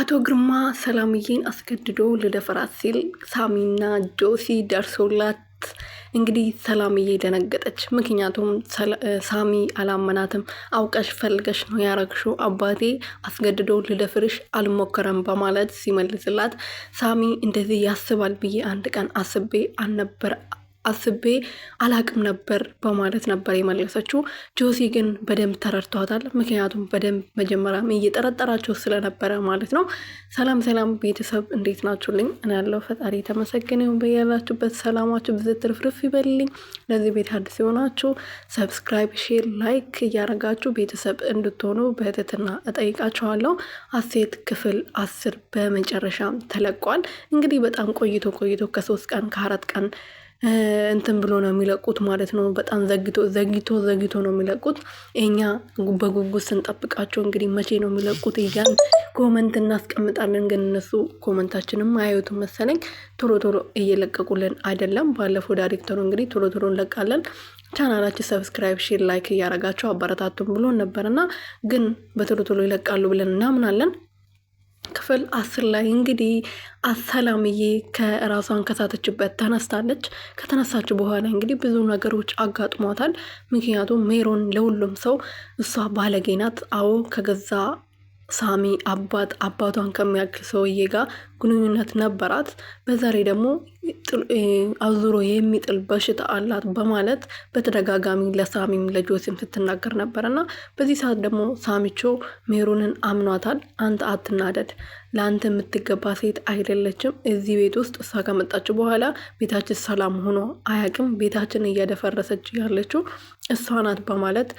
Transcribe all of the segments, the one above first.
አቶ ግርማ ሰላምዬን አስገድዶ ልደፈራት ሲል ሳሚና ጆሲ ደርሶላት፣ እንግዲህ ሰላምዬ ደነገጠች። ምክንያቱም ሳሚ አላመናትም። አውቀሽ ፈልገሽ ነው ያረግሹ አባቴ አስገድዶ ልደፍርሽ አልሞከረም በማለት ሲመልስላት፣ ሳሚ እንደዚህ ያስባል ብዬ አንድ ቀን አስቤ አልነበር አስቤ አላቅም ነበር በማለት ነበር የመለሰችው። ጆሲ ግን በደንብ ተረድቷታል። ምክንያቱም በደንብ መጀመሪያም እየጠረጠራቸው ስለነበረ ማለት ነው። ሰላም ሰላም ቤተሰብ እንዴት ናችሁልኝ? እኔ ያለው ፈጣሪ የተመሰገነ ይሁን። በያላችሁበት ሰላማችሁ ብዙ ትርፍርፍ ይበልልኝ። ለዚህ ቤት አዲስ የሆናችሁ ሰብስክራይብ፣ ሼር፣ ላይክ እያረጋችሁ ቤተሰብ እንድትሆኑ በትህትና እጠይቃችኋለሁ። ሀሴት ክፍል አስር በመጨረሻ ተለቋል። እንግዲህ በጣም ቆይቶ ቆይቶ ከሶስት ቀን ከአራት ቀን እንትን ብሎ ነው የሚለቁት ማለት ነው። በጣም ዘግቶ ዘግቶ ዘግቶ ነው የሚለቁት። እኛ በጉጉት ስንጠብቃቸው እንግዲህ መቼ ነው የሚለቁት እያን ኮመንት እናስቀምጣለን። ግን እነሱ ኮመንታችንም አያዩትም መሰለኝ። ቶሎ ቶሎ እየለቀቁልን አይደለም። ባለፈው ዳይሬክተሩ እንግዲህ ቶሎ ቶሎ እንለቃለን ቻናላችን ሰብስክራይብ፣ ሼር፣ ላይክ እያረጋቸው አበረታቱን ብሎ ነበርና ግን በቶሎ ቶሎ ይለቃሉ ብለን እናምናለን። ክፍል አስር ላይ እንግዲህ ሰላምዬ ከራሷን ከሳተችበት ተነስታለች። ከተነሳች በኋላ እንግዲህ ብዙ ነገሮች አጋጥሟታል። ምክንያቱም ሜሮን ለሁሉም ሰው እሷ ባለጌ ናት፣ አዎ ከገዛ ሳሚ አባት አባቷን ከሚያክል ሰውዬ ጋር ግንኙነት ነበራት። በዛሬ ደግሞ አዙሮ የሚጥል በሽታ አላት በማለት በተደጋጋሚ ለሳሚም ለጆሲም ስትናገር ነበረና በዚህ ሰዓት ደግሞ ሳሚቾ ሜሮንን አምኗታል። አንተ አትናደድ፣ ለአንተ የምትገባ ሴት አይደለችም። እዚህ ቤት ውስጥ እሷ ከመጣች በኋላ ቤታችን ሰላም ሆኖ አያውቅም። ቤታችን እያደፈረሰች ያለችው እሷ ናት በማለት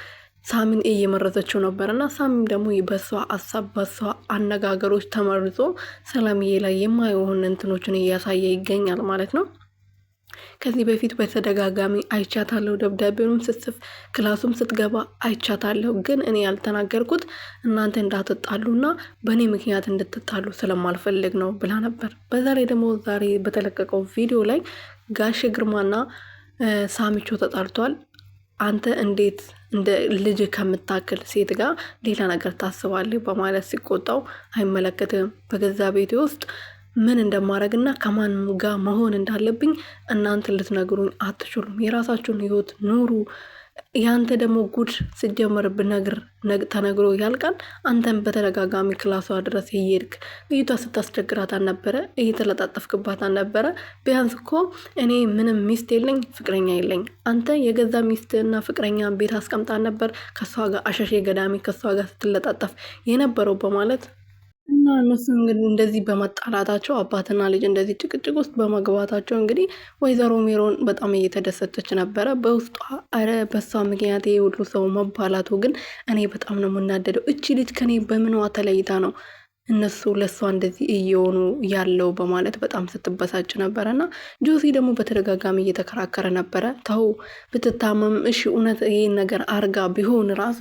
ሳሚን እየመረጠችው ነበር እና ሳሚን ደግሞ በሷ አሳብ በሷ አነጋገሮች ተመርዞ ሰላምዬ ላይ የማይሆን እንትኖችን እያሳየ ይገኛል ማለት ነው። ከዚህ በፊት በተደጋጋሚ አይቻታለሁ። ደብዳቤውንም ስትጽፍ ክላሱም ስትገባ አይቻታለሁ። ግን እኔ ያልተናገርኩት እናንተ እንዳትጣሉና በእኔ ምክንያት እንድትጣሉ ስለማልፈልግ ነው ብላ ነበር። በዛ ላይ ደግሞ ዛሬ በተለቀቀው ቪዲዮ ላይ ጋሽ ግርማና ሳሚቾ ተጣልቷል። አንተ እንዴት እንደ ልጅ ከምታክል ሴት ጋር ሌላ ነገር ታስባለህ? በማለት ሲቆጣው አይመለከትም። በገዛ ቤቴ ውስጥ ምን እንደማድረግና ከማን ጋር መሆን እንዳለብኝ እናንተ ልትነግሩኝ አትችሉም። የራሳችሁን ህይወት ኑሩ። ያንተ ደግሞ ጉድ ስጀመር ብነግር ተነግሮ ያልቃል። አንተን በተደጋጋሚ ክላሷ ድረስ እየሄድክ እይቷ ስታስቸግራት አልነበረ? እየተለጣጠፍክባት አልነበረ? ቢያንስ እኮ እኔ ምንም ሚስት የለኝ ፍቅረኛ የለኝ። አንተ የገዛ ሚስትና ፍቅረኛ ቤት አስቀምጣ ነበር ከእሷ ጋር አሸሼ ገዳሚ ከእሷ ጋር ስትለጣጠፍ የነበረው በማለት እና እነሱ እንግዲህ እንደዚህ በመጣላታቸው አባትና ልጅ እንደዚህ ጭቅጭቅ ውስጥ በመግባታቸው እንግዲህ ወይዘሮ ሜሮን በጣም እየተደሰተች ነበረ በውስጧ። አረ በሷ ምክንያት ይሄ ሁሉ ሰው መባላቱ ግን እኔ በጣም ነው የምናደደው። እቺ ልጅ ከኔ በምንዋ ተለይታ ነው እነሱ ለእሷ እንደዚህ እየሆኑ ያለው በማለት በጣም ስትበሳጭ ነበረ እና ጆሲ ደግሞ በተደጋጋሚ እየተከራከረ ነበረ። ተው ብትታመም እሺ፣ እውነት ይህን ነገር አርጋ ቢሆን ራሱ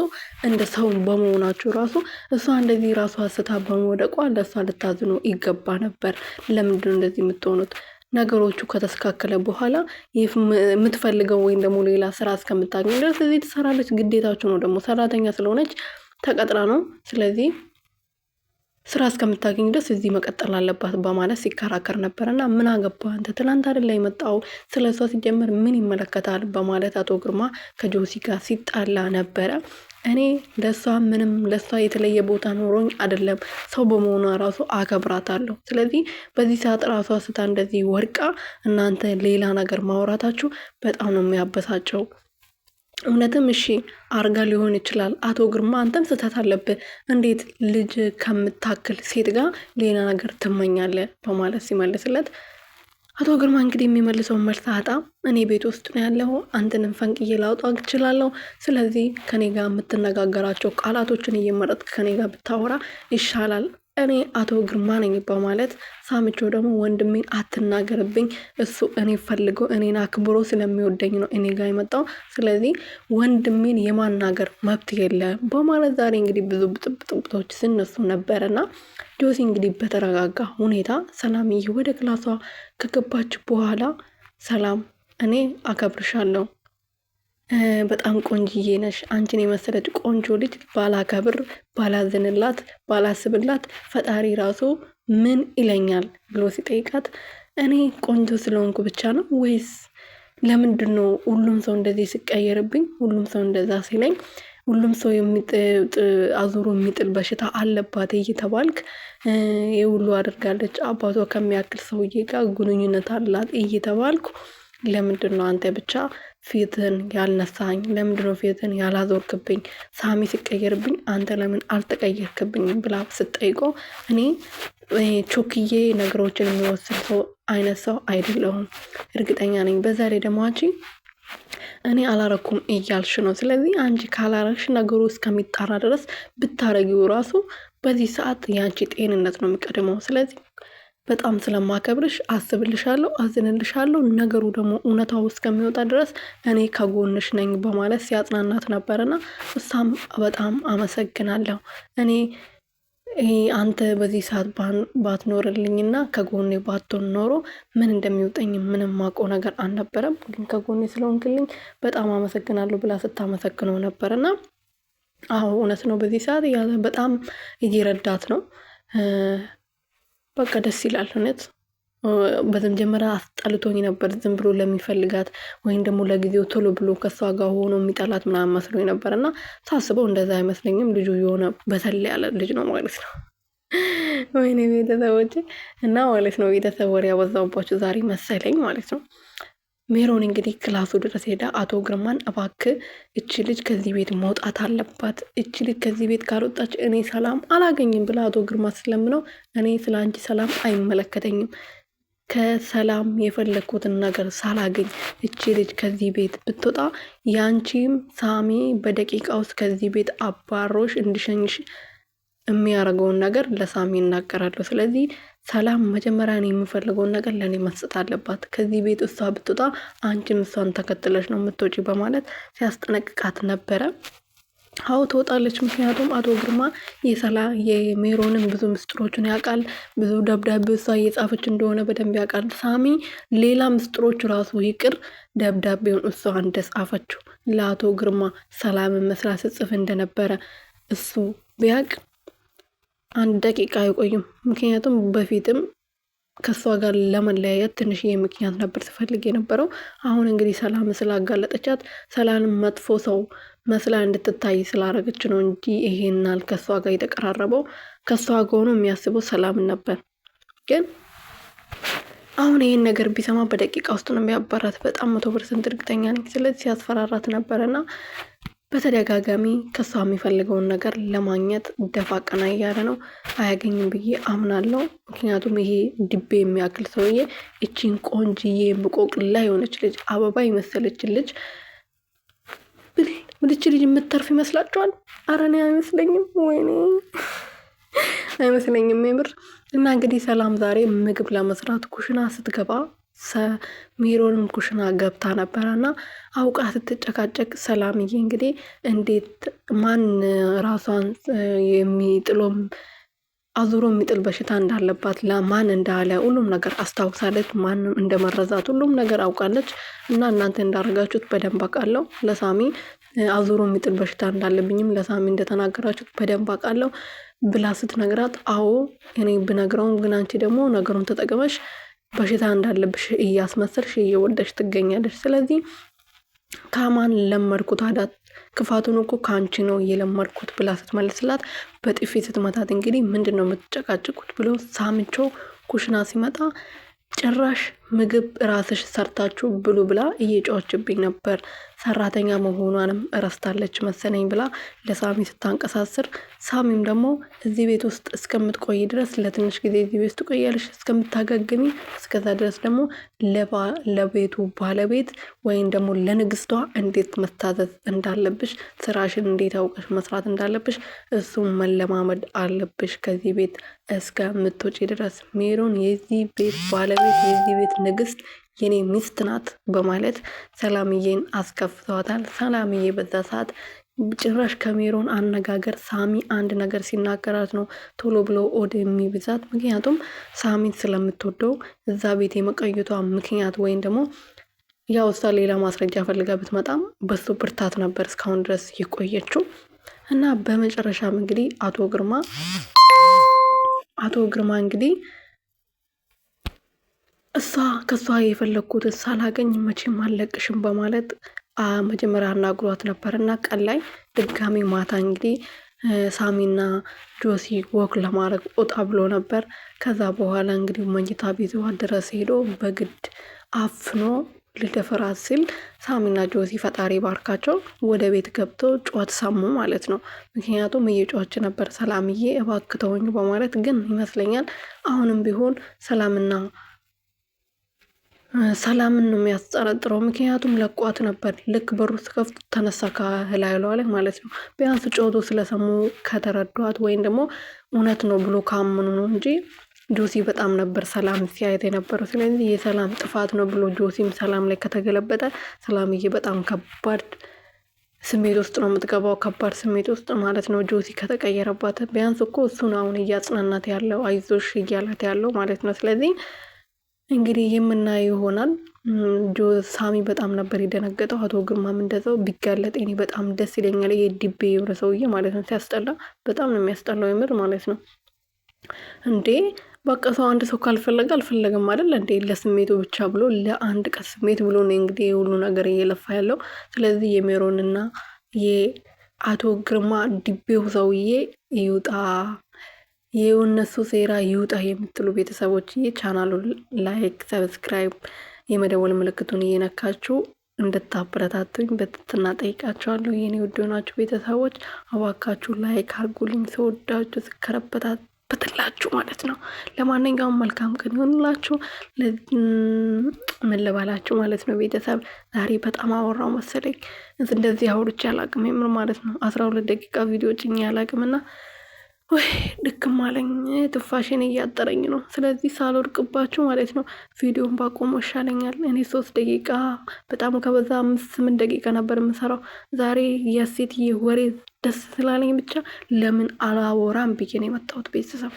እንደ ሰው በመሆናቸው ራሱ እሷ እንደዚህ ራሱ አስታ በመውደቋ ለእሷ ልታዝኖ ይገባ ነበር። ለምንድነው እንደዚህ የምትሆኑት? ነገሮቹ ከተስካከለ በኋላ የምትፈልገው ወይም ደግሞ ሌላ ስራ እስከምታገኝ ድረስ እዚህ ትሰራለች። ግዴታቸው ነው ደግሞ ሰራተኛ ስለሆነች ተቀጥራ ነው። ስለዚህ ስራ እስከምታገኝ ድረስ እዚህ መቀጠል አለባት በማለት ሲከራከር ነበረና ምን አገባ አንተ ትላንት አደላ የመጣው ስለ እሷ ሲጀምር ምን ይመለከታል በማለት አቶ ግርማ ከጆሲ ጋር ሲጣላ ነበረ። እኔ ለእሷ ምንም ለእሷ የተለየ ቦታ ኖሮኝ አይደለም። ሰው በመሆኗ ራሱ አከብራታለሁ። ስለዚህ በዚህ ሰዓት ራሷ ስታ እንደዚህ ወድቃ እናንተ ሌላ ነገር ማውራታችሁ በጣም ነው የሚያበሳጨው። እውነትም እሺ አርጋ ሊሆን ይችላል። አቶ ግርማ አንተም ስህተት አለብህ። እንዴት ልጅ ከምታክል ሴት ጋር ሌላ ነገር ትመኛለህ? በማለት ሲመልስለት አቶ ግርማ እንግዲህ የሚመልሰውን መልስ አጣ። እኔ ቤት ውስጥ ነው ያለው፣ አንተንም ፈንቅዬ ላውጣ እችላለሁ። ስለዚህ ከኔ ጋር የምትነጋገራቸው ቃላቶችን እየመረጥክ ከኔ ጋር ብታወራ ይሻላል እኔ አቶ ግርማ ነኝ በማለት ሳምቾ ደግሞ ወንድሜን አትናገርብኝ፣ እሱ እኔ ፈልገው እኔን አክብሮ ስለሚወደኝ ነው እኔ ጋር የመጣው፣ ስለዚህ ወንድሜን የማናገር መብት የለም በማለት ዛሬ እንግዲህ ብዙ ብጥብጦች ሲነሱ ነበረና ጆሲ እንግዲህ በተረጋጋ ሁኔታ ሰላምዬ ወደ ክላሷ ከገባች በኋላ ሰላም እኔ አከብርሻለሁ በጣም ቆንጅዬ ነሽ፣ አንቺን የመሰለች ቆንጆ ልጅ ባላከብር፣ ባላዝንላት፣ ባላስብላት ፈጣሪ ራሱ ምን ይለኛል ብሎ ሲጠይቃት እኔ ቆንጆ ስለሆንኩ ብቻ ነው ወይስ ለምንድን ነው ሁሉም ሰው እንደዚህ ሲቀየርብኝ፣ ሁሉም ሰው እንደዛ ሲለኝ፣ ሁሉም ሰው አዙሮ የሚጥል በሽታ አለባት እየተባልክ የሁሉ አድርጋለች አባቷ ከሚያክል ሰውዬ ጋር ግንኙነት አላት እየተባልኩ ለምንድን ነው አንተ ብቻ ፊትህን ያልነሳኝ? ለምንድን ነው ፊትህን ያላዞርክብኝ? ሳሚ ሲቀየርብኝ አንተ ለምን አልተቀየርክብኝም? ብላ ስጠይቆ እኔ ቾክዬ ነገሮችን የሚወስድ ሰው አይነት ሰው አይደለሁም፣ እርግጠኛ ነኝ። በዛ ላይ ደግሞ አንቺ እኔ አላረኩም እያልሽ ነው። ስለዚህ አንቺ ካላረግሽ ነገሩ እስከሚጣራ ድረስ ብታረጊው ራሱ በዚህ ሰዓት የአንቺ ጤንነት ነው የሚቀድመው። ስለዚህ በጣም ስለማከብርሽ አስብልሻለሁ፣ አዝንልሻለሁ። ነገሩ ደግሞ እውነታው እስከሚወጣ ድረስ እኔ ከጎንሽ ነኝ በማለት ሲያጽናናት ነበርና እሷም በጣም አመሰግናለሁ እኔ አንተ በዚህ ሰዓት ባትኖርልኝና ከጎኔ ባትሆን ኖሮ ምን እንደሚውጠኝ ምንም ማውቀው ነገር አልነበረም፣ ግን ከጎኔ ስለሆንክልኝ በጣም አመሰግናለሁ ብላ ስታመሰግነው ነበርና አዎ እውነት ነው። በዚህ ሰዓት በጣም እየረዳት ነው። በቃ ደስ ይላል እውነት። በመጀመሪያ አስጠልቶኝ ነበር። ዝም ብሎ ለሚፈልጋት ወይም ደግሞ ለጊዜው ቶሎ ብሎ ከሷ ጋር ሆኖ የሚጠላት ምናምን መስሎኝ ነበር እና ሳስበው እንደዛ አይመስለኝም። ልጁ የሆነ በሰል ያለ ልጅ ነው ማለት ነው። ወይኔ ቤተሰቦች እና ማለት ነው ቤተሰብ ወሬ ያበዛውባቸው ዛሬ መሰለኝ ማለት ነው። ሜሮን እንግዲህ ክላሱ ድረስ ሄዳ አቶ ግርማን እባክ እች ልጅ ከዚህ ቤት መውጣት አለባት፣ እች ልጅ ከዚህ ቤት ካልወጣች እኔ ሰላም አላገኝም ብላ አቶ ግርማ ስለምነው እኔ ስለ አንቺ ሰላም አይመለከተኝም ከሰላም የፈለግኩትን ነገር ሳላገኝ እቺ ልጅ ከዚህ ቤት ብትወጣ ያንቺም ሳሚ በደቂቃ ውስጥ ከዚህ ቤት አባሮሽ እንድሸኝሽ የሚያደርገውን ነገር ለሳሚ እናገራለሁ ስለዚህ ሰላም መጀመሪያ ነው የምፈልገውን ነገር ለእኔ መስጠት አለባት። ከዚህ ቤት እሷ ብትወጣ አንቺም እሷን ተከትለች ነው የምትወጪ በማለት ሲያስጠነቅቃት ነበረ። አዎ ትወጣለች። ምክንያቱም አቶ ግርማ የሰላ የሜሮንን ብዙ ምስጢሮችን ያውቃል። ብዙ ደብዳቤ እሷ እየጻፈች እንደሆነ በደንብ ያውቃል። ሳሚ ሌላ ምስጢሮች ራሱ ይቅር ደብዳቤውን እሷ እንደጻፈችው ለአቶ ግርማ ሰላምን መስላ ስጽፍ እንደነበረ እሱ ቢያውቅ አንድ ደቂቃ አይቆይም። ምክንያቱም በፊትም ከእሷ ጋር ለመለያየት ትንሽዬ ምክንያት ነበር ትፈልግ የነበረው። አሁን እንግዲህ ሰላም ስላጋለጠቻት ሰላም መጥፎ ሰው መስላ እንድትታይ ስላረገች ነው እንጂ ይሄናል ከእሷ ጋር የተቀራረበው ከእሷ ከሆኑ የሚያስበው ሰላምን ነበር። ግን አሁን ይህን ነገር ቢሰማ በደቂቃ ውስጥ ነው የሚያባራት። በጣም መቶ ፐርሰንት እርግጠኛ ነኝ። ስለዚህ ሲያስፈራራት ነበረና በተደጋጋሚ ከሷ የሚፈልገውን ነገር ለማግኘት ደፋ ቀና እያለ ነው። አያገኝም ብዬ አምናለሁ። ምክንያቱም ይሄ ድቤ የሚያክል ሰውዬ እቺን ቆንጅዬ የምቆቅላ የሆነች ልጅ አበባ የመሰለችን ልጅ ብልች ልጅ የምትተርፍ ይመስላችኋል? ኧረ እኔ አይመስለኝም። ወይኔ አይመስለኝም የምር እና እንግዲህ ሰላም ዛሬ ምግብ ለመስራት ኩሽና ስትገባ ሚሮንም ኩሽና ገብታ ነበረ እና አውቃ ስትጨቃጨቅ ሰላምዬ እንግዲህ እንዴት ማን ራሷን የሚጥሎም አዙሮ የሚጥል በሽታ እንዳለባት ለማን እንዳለ ሁሉም ነገር አስታውሳለች። ማንም እንደመረዛት ሁሉም ነገር አውቃለች። እና እናንተ እንዳደረጋችሁት በደንብ አውቃለሁ። ለሳሚ አዙሮ የሚጥል በሽታ እንዳለብኝም ለሳሚ እንደተናገራችሁት በደንብ አውቃለሁ ብላ ስትነግራት፣ አዎ እኔ ብነግረውም ግን አንቺ ደግሞ ነገሩን ተጠቅመሽ በሽታ እንዳለብሽ እያስመሰልሽ እየወደሽ ትገኛለች። ስለዚህ ከማን ለመድኩት አዳት ክፋቱን እኮ ከአንቺ ነው እየለመድኩት ብላ ስትመልስላት በጥፊ ስትመታት እንግዲህ ምንድን ነው የምትጨቃጭቁት ብሎ ሳምቾ ኩሽና ሲመጣ ጭራሽ ምግብ ራስሽ ሰርታችሁ ብሉ ብላ እየጫዎችብኝ ነበር። ሰራተኛ መሆኗንም እረስታለች መሰለኝ ብላ ለሳሚ ስታንቀሳስር፣ ሳሚም ደግሞ እዚህ ቤት ውስጥ እስከምትቆይ ድረስ ለትንሽ ጊዜ እዚህ ቤት ትቆያለሽ እስከምታገግሚ፣ እስከዛ ድረስ ደግሞ ለቤቱ ባለቤት ወይም ደግሞ ለንግስቷ እንዴት መታዘዝ እንዳለብሽ፣ ስራሽን እንዴት አውቀሽ መስራት እንዳለብሽ እሱም መለማመድ አለብሽ ከዚህ ቤት እስከምትወጪ ድረስ። ሜሮን የዚህ ቤት ባለቤት የዚህ ቤት ንግስት የኔ ሚስት ናት በማለት ሰላምዬን አስከፍተዋታል። ሰላምዬ በዛ ሰዓት ጭራሽ ከሜሮን አነጋገር ሳሚ አንድ ነገር ሲናገራት ነው ቶሎ ብሎ ኦድ የሚብዛት። ምክንያቱም ሳሚን ስለምትወደው እዛ ቤት የመቀየቷ ምክንያት ወይም ደግሞ ያው እሷ ሌላ ማስረጃ ፈልጋ ብትመጣም በሱ ብርታት ነበር እስካሁን ድረስ የቆየችው እና በመጨረሻም እንግዲህ አቶ ግርማ አቶ ግርማ እንግዲህ እሷ ከእሷ የፈለግኩትን ሳላገኝ መቼም አለቅሽም በማለት መጀመሪያ አናግሯት ነበር እና ቀን ላይ ድጋሚ ማታ እንግዲህ ሳሚና ጆሲ ወክ ለማድረግ ወጣ ብሎ ነበር። ከዛ በኋላ እንግዲህ መኝታ ቤትዋ ድረስ ሄዶ በግድ አፍኖ ልደፈራት ሲል ሳሚና ጆሲ ፈጣሪ ባርካቸው ወደ ቤት ገብቶ ጩኸት ሰሙ ማለት ነው። ምክንያቱም እየጮኸች ነበር ሰላምዬ እባክተውኝ በማለት ግን ይመስለኛል አሁንም ቢሆን ሰላምና ሰላምን ነው የሚያስጠረጥረው። ምክንያቱም ለቋት ነበር። ልክ በሩ ስከፍት ተነሳ ከላዩ ላይ ማለት ነው። ቢያንስ ጮቶ ስለሰሙ ከተረዷት ወይም ደግሞ እውነት ነው ብሎ ካመኑ ነው እንጂ ጆሲ በጣም ነበር ሰላም ሲያየት የነበረው። ስለዚህ የሰላም ጥፋት ነው ብሎ ጆሲም ሰላም ላይ ከተገለበጠ ሰላምዬ በጣም ከባድ ስሜት ውስጥ ነው የምትገባው። ከባድ ስሜት ውስጥ ማለት ነው። ጆሲ ከተቀየረባት ቢያንስ እኮ እሱን አሁን እያጽናናት ያለው አይዞሽ እያላት ያለው ማለት ነው። ስለዚህ እንግዲህ የምናየው ይሆናል። ጆ ሳሚ በጣም ነበር የደነገጠው። አቶ ግርማም እንደዛው ቢጋለጥ እኔ በጣም ደስ ይለኛል። የዲቤ የሆነ ሰውዬ ማለት ነው። ሲያስጠላ በጣም ነው የሚያስጠላው፣ የምር ማለት ነው። እንዴ በቃ ሰው አንድ ሰው ካልፈለገ አልፈለገም አይደል እንዴ? ለስሜቱ ብቻ ብሎ ለአንድ ቀን ስሜት ብሎ ነው እንግዲህ የሁሉ ነገር እየለፋ ያለው። ስለዚህ የሜሮንና የአቶ ግርማ ዲቤው ሰውዬ ይውጣ። ይኸው እነሱ ሴራ ይውጣ የምትሉ ቤተሰቦች ቻናሉ ላይክ፣ ሰብስክራይብ፣ የመደወል ምልክቱን እየነካችሁ እንድታበረታቱኝ በትትና ጠይቃችኋለሁ። የኔ ውድ የሆናችሁ ቤተሰቦች አዋካችሁ ላይክ አርጉልኝ። ሰወዳችሁ ስከረበታበትላችሁ ማለት ነው። ለማንኛውም መልካም ቀን ይሆንላችሁ። ምን ማለት ነው ቤተሰብ፣ ዛሬ በጣም አወራው መሰለኝ። እንደዚህ አውርቼ አላቅም የምር ማለት ነው። አስራ ሁለት ደቂቃ ቪዲዮ ጭኝ አላቅምና ወይ ድክም አለኝ፣ ትንፋሽን እያጠረኝ ነው። ስለዚህ ሳልወድቅባችሁ ማለት ነው ቪዲዮን ባቆሞ ይሻለኛል። እኔ ሶስት ደቂቃ በጣም ከበዛ አምስት ስምንት ደቂቃ ነበር የምሰራው። ዛሬ የሴትዬ ወሬ ደስ ስላለኝ ብቻ ለምን አላወራም ብዬ ነው የመጣሁት ቤተሰብ